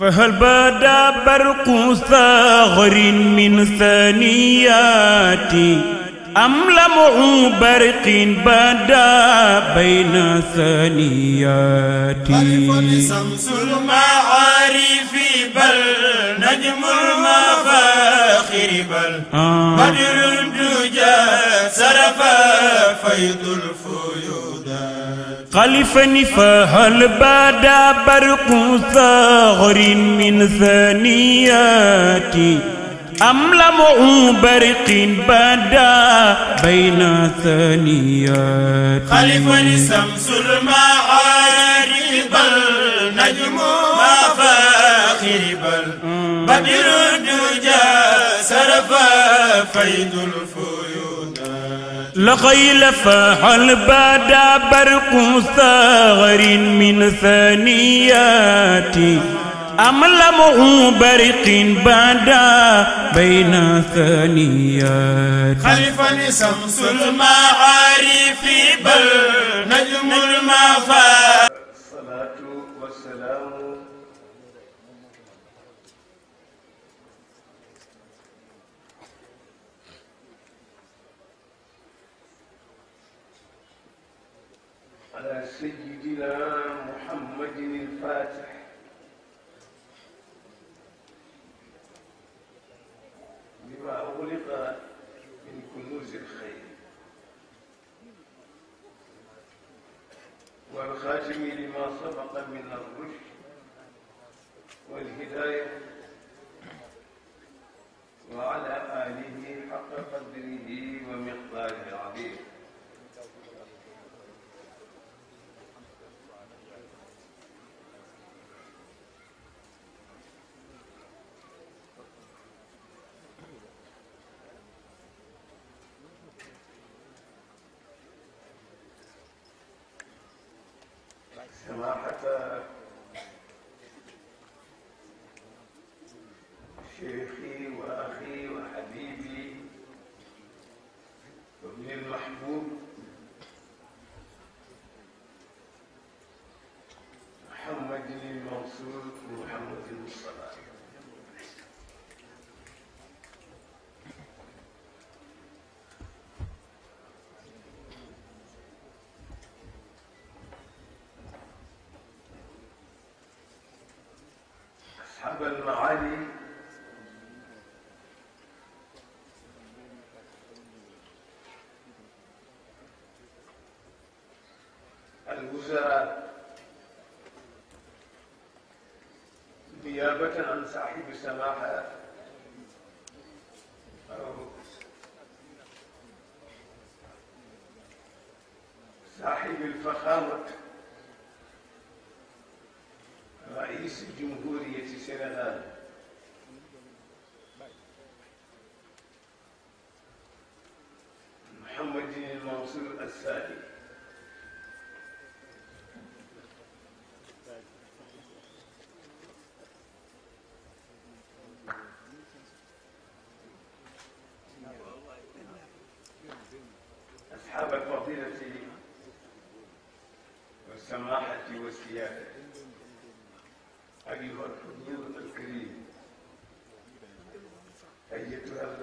فهل بدا برق ثاغر من ثنياتي أم لمع برق بدا بين ثنياتي شمس المعارف بل نجم المفاخر بل بدر الدجى سرفا فيض الفجر خلفني فهل بدا برق ثغر من ثنياتي أم لمع برق بدا بين ثنياتي خلفني شمس المعاري بل نجم ما فاخر بل بدر الدجى سرف فيد الفؤاد لغيل فهل بدا برق ثغر من ثنياتي أم لمع برق بدا بين ثنياتي خلفني شمس المعارف بل نجم المفاتيح على سيدنا محمد الفاتح لما أغلق من كنوز الخير والخاتم لما سبق من الرشد والهداية وعلى آله حق قدره ومقداره العظيم كما حكى شيخي وأخي وحبيبي وابني المحبوب محمد المنصور ومحمد المصطفى الوزراء نيابة عن صاحب السماحة أو صاحب الفخامة رئيس جمهورية سنغال محمد المنصور السالي والسيادة أيها الحضور الكريم أيتها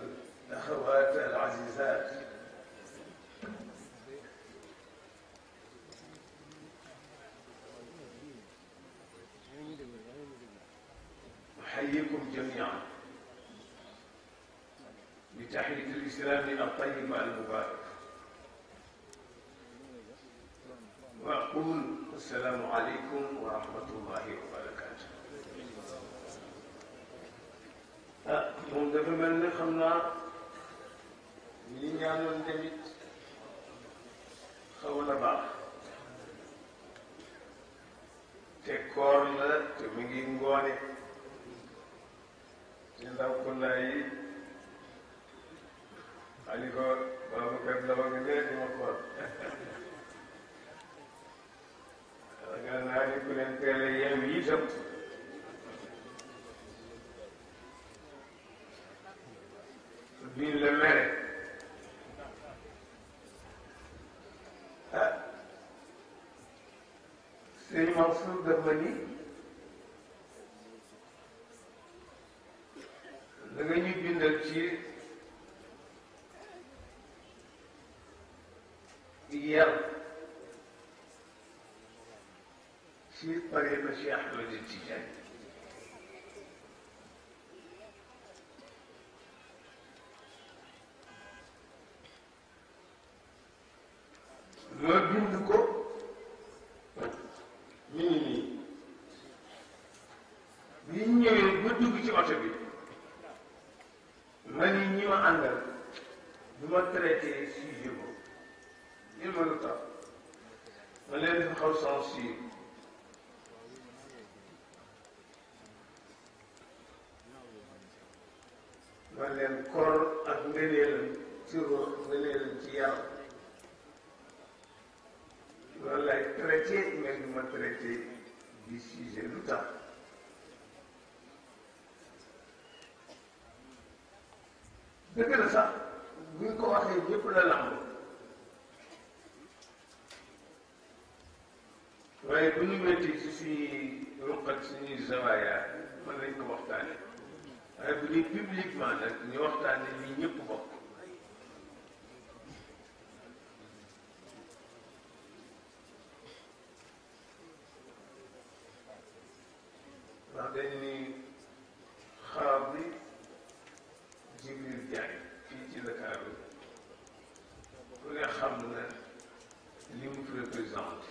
الأخوات العزيزات أحييكم جميعا بتحية الإسلام الطيبة المباركة وأقول asalaamualeykum wa rahmatullahi wa barakaatu. ah moom dafa mel ne xam naa ñi ñaanoon tamit xaw na baax te koor la te mu ngi ngoone te ndaw ko laay ali ko Babacar Ndao nga ne dima koor danga naa ni ku leen teel a yeew itam duñ la mere ah sëñ Mansour dafa ni Cheikh Ahmed Tidiane ma bind ko mi ngi nii bi ñëwee ba dugg ci oto bi ma ni ñi ma àndal du ma traité sujet boobu ñu ma lu tax ma leen dafa xaw sensible man leen ak ngëneelam ci ruux ngëneelam ci yaram loolu lay ma traité du sujet lu tax dëgg la sax bu ñu ko waxee ñëpp la lamb bu ñu métti ci suñuy ruqat suñuy zawaaya mën nañ ko waxtaanee waaye bu dee publiquement nag ñu waxtaan ne ñi ñëpp bokk ndax dañ ni xaadi Jibril Jaay fii ci Ndakaaru ku ne xam na li mu représenté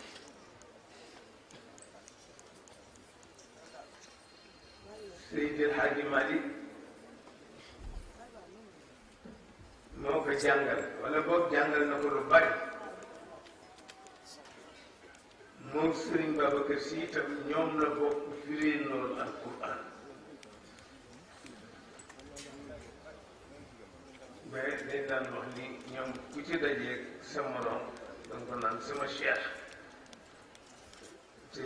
Seydi El Hadji Malick jàngal wala boog jàngal na ko lu bari moom Serigne Babacar Sy itam ñoom la bokk firee noonu al quran mais dañ daan wax ni ñoom ku ci dajee sa morom danga ko naan sama cheikh te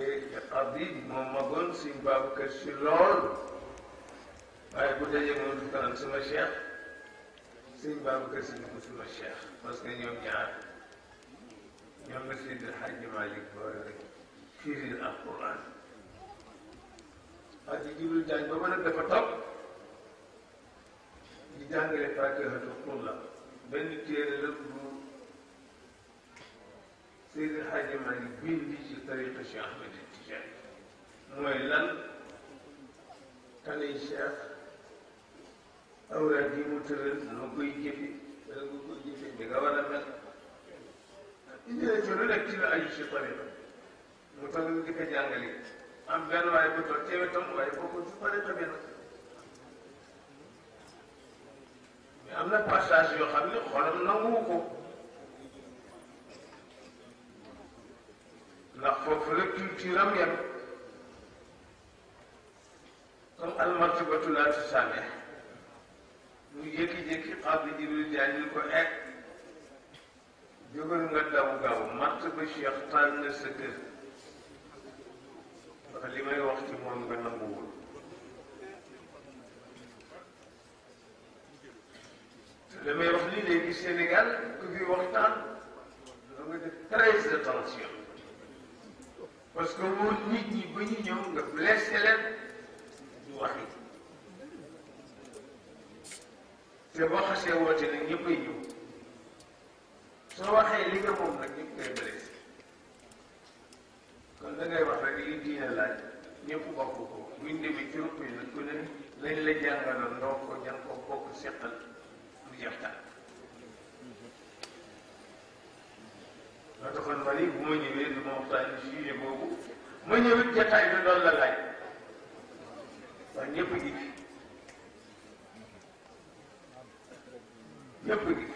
xaddi moom magoon Serigne Babacar Sy lool waaye bu dajee moom du ko naan sama cheikh sëñ Babacar Si dugg suma cheikh parce que ñoom ñaar ñoom la Seydi Hadji Malick boole rek firil alquran waa ji jublu jàng ba mën a dafa topp di jàngale Faatihatu Xulla benn téere la bu Seydi Hadji Malick bindi ci tariqa Cheikh Ahmed Tidiane mooy lan tani cheikh awraat yi mu tëral noo koy jëfe wala nga koy jëfe bi nga war a mel indi na ci lu nekk ci lu aju ci tariqa mu tax nga di ko jàngale am benn waaye bu toog teewe tam waaye bokkul ci tariqa bi nag mais am na passage yoo xam ne xolam nanguwu ko ndax foofu la culture am yem comme almartibatu laa tusaame mu jékki-jékki xam ne Jibril jaay ñu ko egg eh, jógal nga daw gaaw matt ba Cheikh tànn na sa kër li may wax ci moom nga nanguwul te damay wax ni léegi Sénégal ku fi waxtaan da nga def très attention parce que moom nit ñi nga blessé leen du waxi o boo xasee woote o ñëpp ay ñëw soo waxee li nga moom nag ñëpp ngay bëri kon da ngay wax rek li diine laaj ñëpp bokk ko buñ demee ci rupp yi nag ku ne lañ la jàngaloon ndoo ko jàng ko bokk seqal lu jeex tàkk loo taxoon ma ni bu ma ñëwee du ma waxtaan ci diine boobu ma ñëwit jataay bi loolu la laaj waaye ñëpp ngi ci ñëpp i fi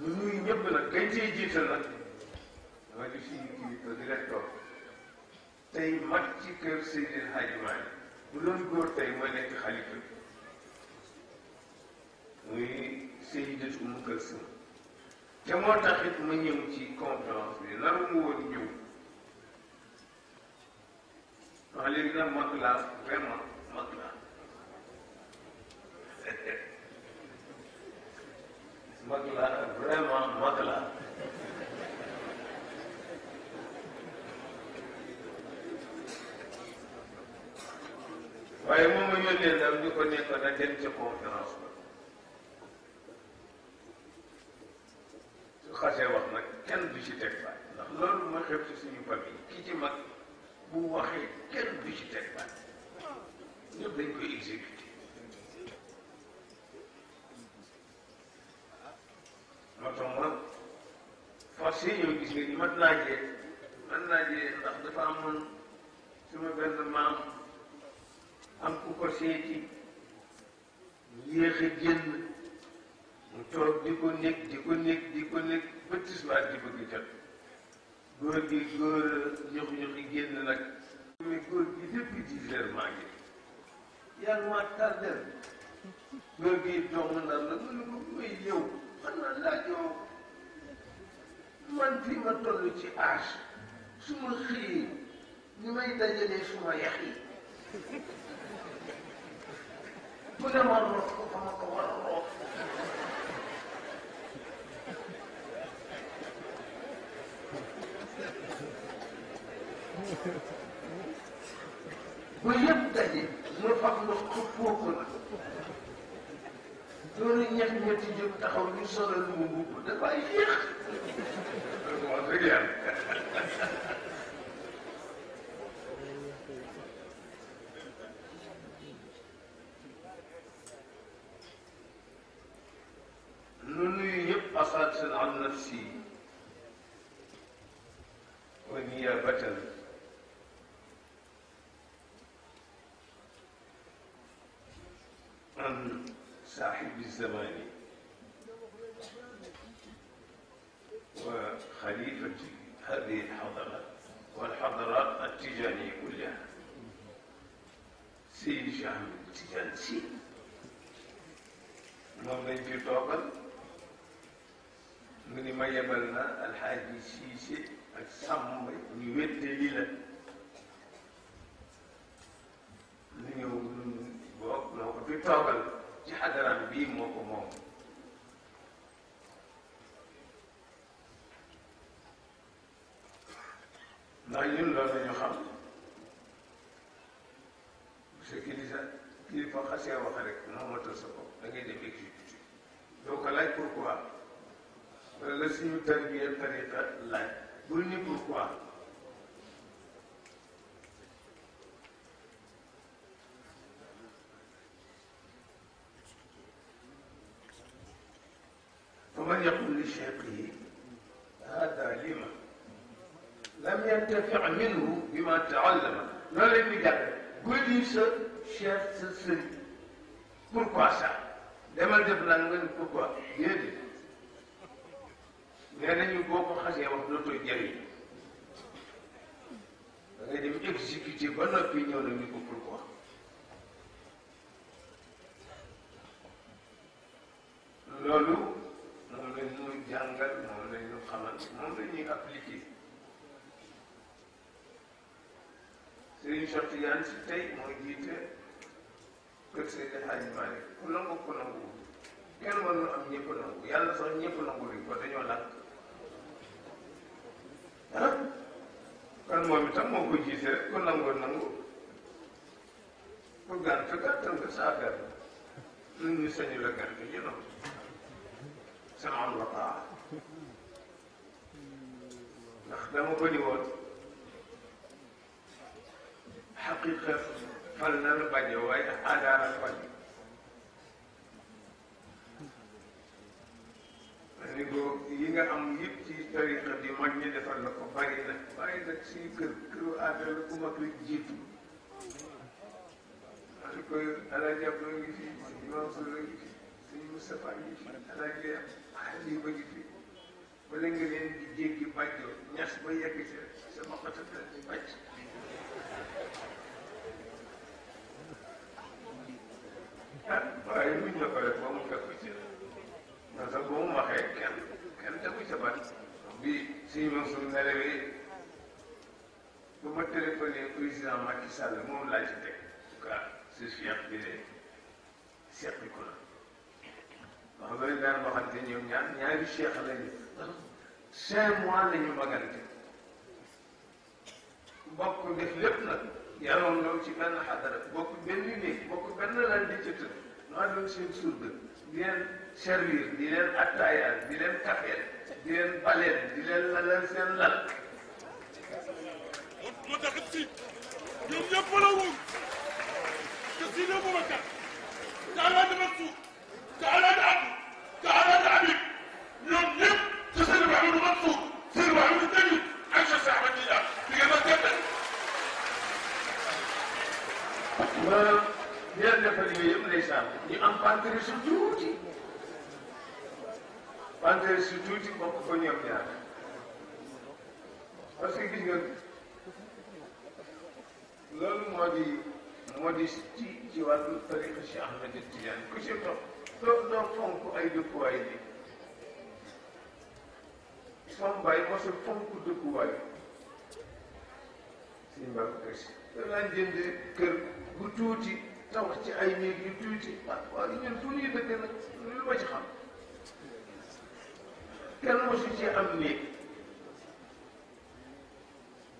ñu nuyu ñëpp nag kañ cee jiital nag dama gis suñu kilifa di leen toog tey mag ci kër Seydil Hadji Malick bu doon góor tey mooy nekk xalifa bi muy Seydatu Umu Kalsum te moo taxit ma ñëw ci conférence bi naru mu woon ñëw wax léegi nag mag la vraiment waaye moom ma yónnee ndam ñu ko nekkoon na dem ca conférence ko nekk ba tisbaar di bëgg jot góor gi góor ñox ñoxi génn nag mais góor gi depuis dix heures maa ngi yàlla maa tardel góor gi dox na la nga ne ko muy yow man na laajoo man fii ma toll ci âge su ma xëyee ni may dajalee suma yax yi ku ne ma roof ko fa ma ko war a roof bu yëpp daje mu fab lu xuppoo ko la loolu ñett ñetti jóg taxaw ñu solal mu mbubb dafay yéex wax dëgg yàlla صاحب الزمان وخليفة هذه الحضارات والحضارات التجارية كلها سيدي Cheikh Ahmed Tidiane Sy moom lañ fi toogal mu ni ma yebal na alxaaji Siise ak sàmm ñu wette li la ñu ñëw ñun bokk noo ko fi toogal ci xadara bi bii moo ko moom ndax ñun loolu la ñu xam parce que kilifa kilifa xasee wax rek moomatal sa bopp da ngay dem exécuté doo ko laaj pourquoi wala la suñu tarbiya tariqa laaj bul ni pourquoi yantafi minhu bi ma taallama noonu lañ koy jàpp gëddi sa chef sa sëriñ pourquoi ça demal def naa nga pourquoi déedéet nee nañu boo ko xasee wax dootoo jëriñ da ngay dem exécuté ba noppi ñëw na ñu ko pourquoi loolu moom la ñuy jàngal moom la ñu xamal moom la ñuy appliqué Serigne Cheikh Tidiane si tey mooy jiite kër Seydi Hadji Malick ku nangu ku nangu kenn mënul am ñëpp nangu yàlla sax ñëpp nangu li ko dañoo làkk ah kon moom itam moo ko jiite rek ku nangu nangu ku gànt gàntal nga saa gànt ñun ñu sañu la gànt ñu nangu sama am la baax ndax dama ko ni woon xaqiqa fal na la bañ waaye aadaa la bañ ni yi nga am yëpp ci tariqa bi mag ñi defal la ko bari na bari nag suñu kër këru aada ku mag la jiitu ma ne ko alaaji Abdou ngi fi Mansour ngi fi suñu Moustapha ngi fi alaaji Xalifa ngi fi wala nga leen di jéggi bàjjoo ñas ba yegg ca sama xottal di bàjj waaye i ñu la ko def ba mu fekk ci ndax sax ba mu waxee kenn kenn tegu ca ban bi suñu Mansour nelawee ba ma téléphoné président Macky Sall moom laa ci teg en tout cas si Cheikh bi de Cheikh bi ko la wax loolu daan waxante ñoom ñaar ñaari Cheikh lañu cinq mois lañu magante bokk def lépp nag yaroon ñëw ci benn xadara bokk benn néeg bokk benn lan di ci tëdd ñu àndoon seen surga di leen servir di leen attaayal di leen kafeel di leen baleel di leen lalal seen lal moo tax si ñoom ñëpp la woon te si na Boubacar ka alaada Mansour ka alaada Abdou ka alaada Habib ñoom ñëpp te seen Mahamadou Mansour seen Mahamadou Dajou ak sa Ahmad Tijaan bi nga ma gëddal ba ñaar defal yooyu yëpp ndeysaan ñu am pantere su tuuti pantere su tuuti bokk ko ñoom ñaar parce que gis nga loolu moo di moo di ci ci wàllu tariqa si Ahmed Tidiane ku ci topp doo fonk ay dëkkuwaay bi sama baay mosu fonk dëkkuwaay suñu mbàkk kër si. da daan jënd kër. bu tuuti tabax ci ay néeg yu tuuti ah waaw ñun fu ñuy dëkk nag lu ma ci xam kenn mosu ci am néeg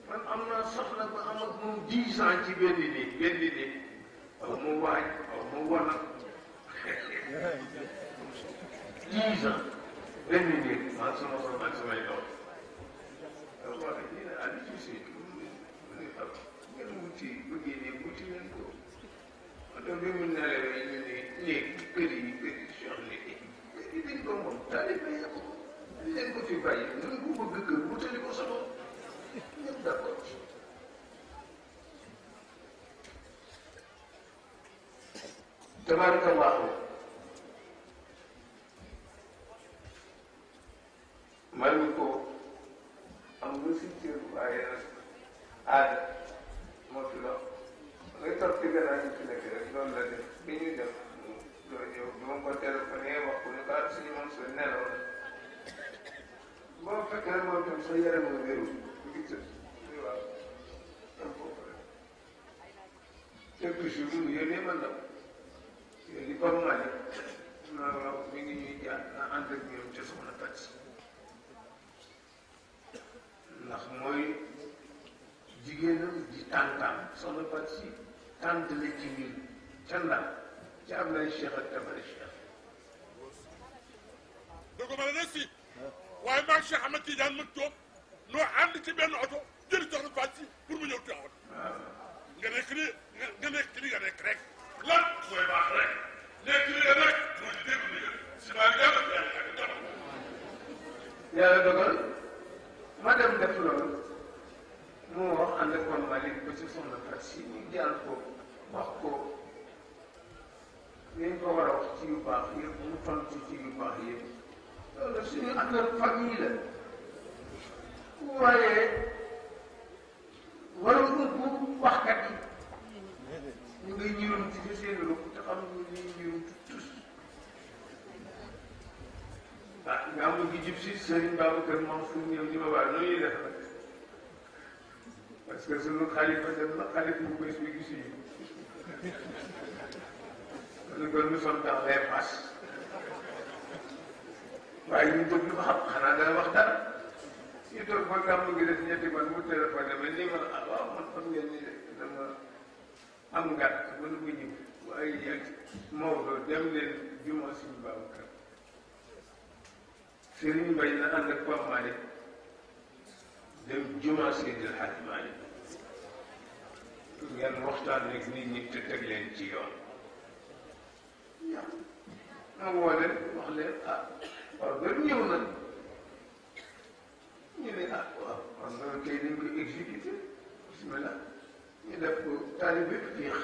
man am naa soxla ba am ak moom dix ans ci benn néeg benn néeg aw ma waaj aw ma wana dix ans benn néeg maa sama soxla ak samay doom. ngeen wuti bu génnee wuti leen ko oto bi mu nelawee ñu ne néeg kër yi kër yi soxla yi kër yi dañ ko moom taalibe yi ko leen ko fi bàyyi nan ku bëgg kër wutali ko sa bopp ñëpp d'accord tabaraka allahu man ko am nga si cër waaye aada waxtaan si tàntale ci biir ca Ndar ca Ablaye Cheikh ak Tamara Cheikh. dëgg ma la ne si waaye maa ngi Cheikh Ahmed Tidiane mag toog noo ànd ci benn oto jëri soxna Faat si pour mu ñëw Tiwaawan. nga nekk ni nga nekk li nga nekk rek. lan mooy baax rek nekk li nga nekk mooy dégg li nga si maa ngi yàlla yàlla yàlla dogal ma dem def loolu. mu wax ànd ak kon Malick ba ci soxna Fatou si ko wax ko li ñu war a wax ci yu mu tontu ci yu baax yëpp loolu suñu affaire famille la waaye waroon nga boobu waxkat yi ñu ngay nga ñuy ñëwoon tous ah nga am lu jub si Serigne Babacar Mansour ñëw ñu ma waa noonu parce que sunu xalifa dem na xalifa bu bees bi gisuñu kon kon nous sommes dans les passes waaye ñu déglu ba xam xanaa dana wax dara ñu toog gi def ñetti man mu téléphone ma nii man ah waaw man xam ngeen ni dama am ngat mënu ko ñëw waaye yéen Maodo dem leen juma suñu Babacar Serigne Mbaye na ànd ak Pape Malick dem jumaa Seydil Hadji Malick ngeen waxtaan rek nit ñi te teg leen ci yoon wax leen ah waaw ba ñëw na ñu ne ah ko exécuté bismillah ñu def ko taalibe fiix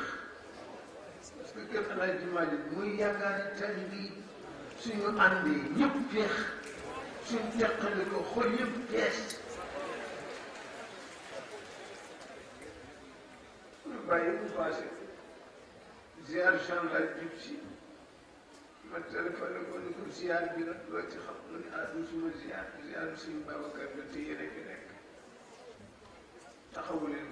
parce que kër Alaaji Maalik muy yaakaari taalibe yi suñu àndee ñëpp fiix suñu ko xool yëpp fees bàyyi bu passé ziar Général jub si ma téléphoné ko ni ko ziar bi nag loo ci xam mu ne ah suma ziar ziar suñu Babacar la te yéen a fi nekk taxawu leen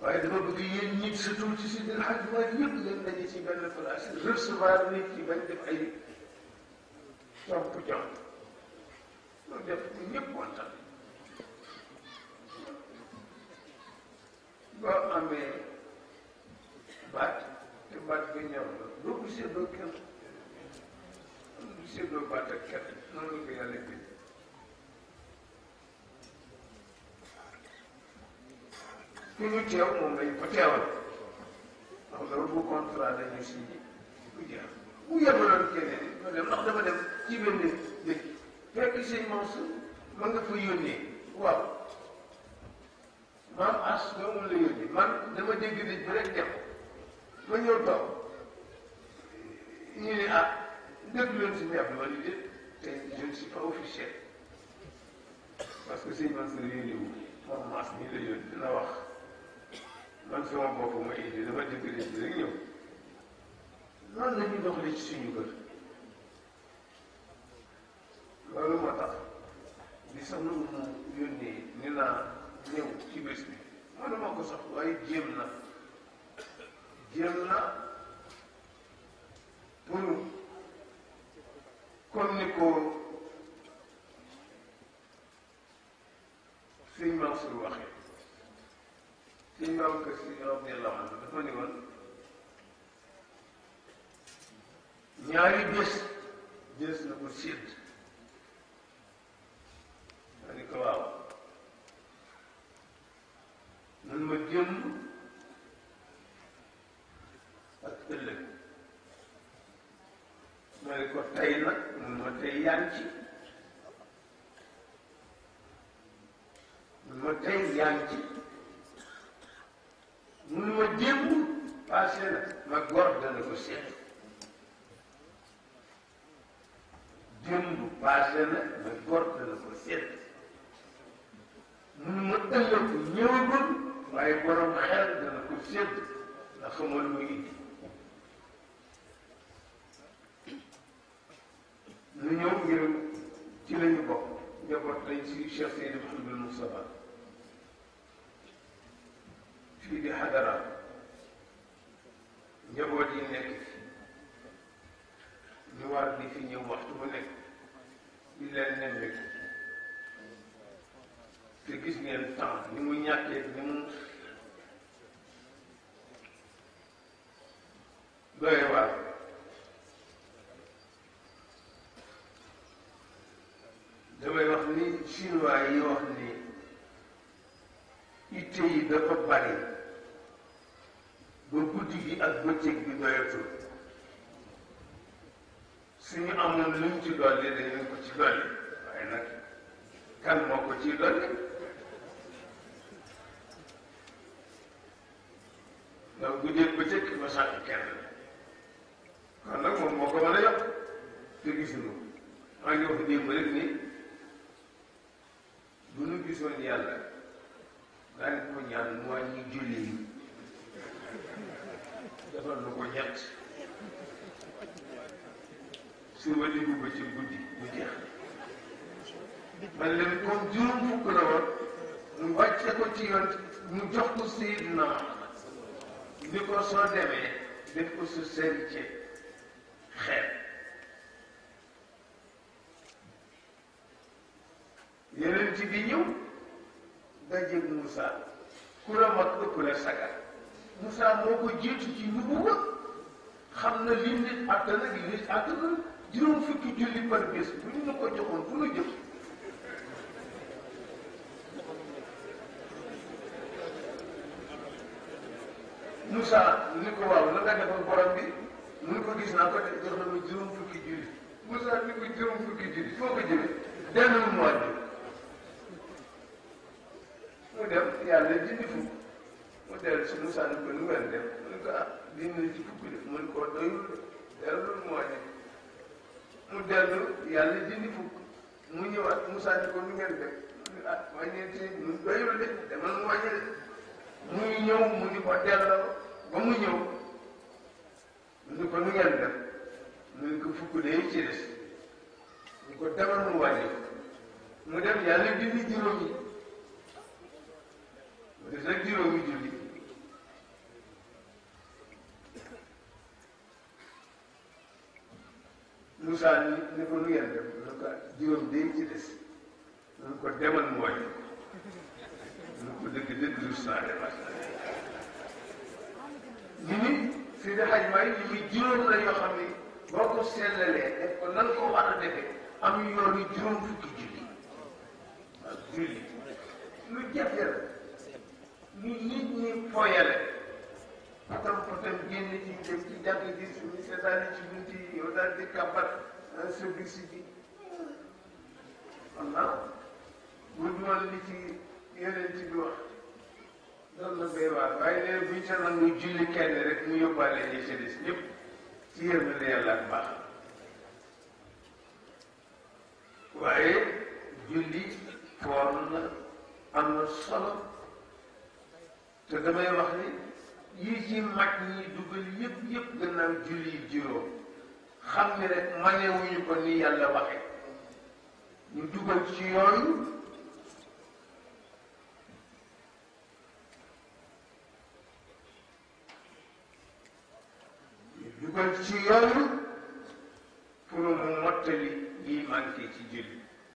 waaye dama bëgg yéen ñib surtout ci si biir xaj waaye ñëpp ngeen daje ci benn place recevoir nit ñi bañ def ay jomp jomp loolu def ñëpp boo amee baat te baat bi ñëw la doo ko seetloo kenn doo ko seetloo baat ak kenn noonu la ko yàlla bind ku ñu teew moom lañ ko teewal ndax loolu bu contrat dañu si bu jeex bu yebaloon keneen ma dem ndax dafa dem ci benn dëkk fekk sëñ Mansour mën nga fa yónnee waaw maam as doomu la yónni man dama dégg nit bi rek dem ma ñëw toog ñu ne ah déglu leen si ñebe wala déet te je ne suis pas officiel parce que sëñ Mansour yónni wu moom as ñu la yónni dina wax man sama bopp ma indi dama dégg nit bi rek ñëw noonu la ñuy doxalee ci suñu kër loolu moo tax di sax nu mu yónnee ni naa. ñëw ci bés bi mënuma ko sax waaye jéem na jéem na pour comme ni ko sëñ Mansour waxee sëñ Babacar Si radiyallahu anhu dafa ni woon ñaari bés na ko sédd ma ni ko waaw mun ma jëmm ak ëllëg ma ne ko tey nag mun ma tey yaa ngi ci mun ma tey yaa ngi ci mun ma démb passé na ma góor dana ko seet démb passé na ma góor dana ko seet mun ma ëllëg ñëwagul waaye borom xel dana ko sédd nga xamal lu indi lu ñëw ngir ci lañu bokk njaboot lañ si Cheikh Seydi Mouhamadou bari ba guddi gi ak bëccëg bi doyatul suñu amoon luñ ci dolli dañu ko ci dolli waaye nag kan moo ko ciy dolli moom juróom fukk la woon mu ko ci yoon mu jox ko Seydina ni ko soo demee def ko su seen ci xeet yeneen ci bi ñëw dajeeg Moussa ku la mag ëpp la sagar Moussa moo ko jiitu ci nubuwa xam na li nit àttan ak li nit àttanul juróom fukki julli par bés bu ñu la ko joxoon fu ñu jëm Moussa ni ko waaw la nga defal borom bi mu ni ko gis naa ko de jox na ma juróom fukki julli Moussa ni ko juróom fukki julli foo ko jëlee denn mois bi mu dem yàlla jëndi fukk mu dellu si Moussa ni ko nu ngeen def mu ni ko ah dinañ ci fukki def mu ni ko doyul dellu mois bi mu dellu yàlla jëndi fukk mu ñëwaat Moussa ni ko nu ngeen def mu ni ah wàññeenti mu doyul de demal mu wàññi de muy ñëw mu ni ko delloo ba mu ñëw mu ne ko nu ngeen def mu ne ko fukk de ci des ñu ko demal mu wàññi mu dem yàlla dindi juróom yi mu def rek juróomi julli Moussa ni ni ko nu ngeen def mu ne ko juróom de ci des mu ne ko demal mu wàññi mu ne ko dëgg dëgg lu saa bari ñu ngi juróom la yoo xam ni boo ko seetlalee def ko nan ko war a defee am yoon yu juróom fukki julli ak julli lu jafe la lu nit ñi foyale patam patam génn ci dem ci jàkk ji suñu seetaani ci bunti yow daal di kàmbat ah, service bi xam naa bu ñu li ci yeneen ci bi wax loolu nag day waar waaye nee bu ñu sa nangu julli kenn rek mu yóbbaale ñi ci des ñëpp ci yërmande yàlla ak baax waaye julli foor na am na solo te damay wax ni yii ci mag ñi dugal yëpp yëpp gannaaw julli juróom xam ni rek manewuñu ko ni yàlla waxe ñu dugal ci yooyu dugal ci yooyu pour mu mottali lii manqué ci julli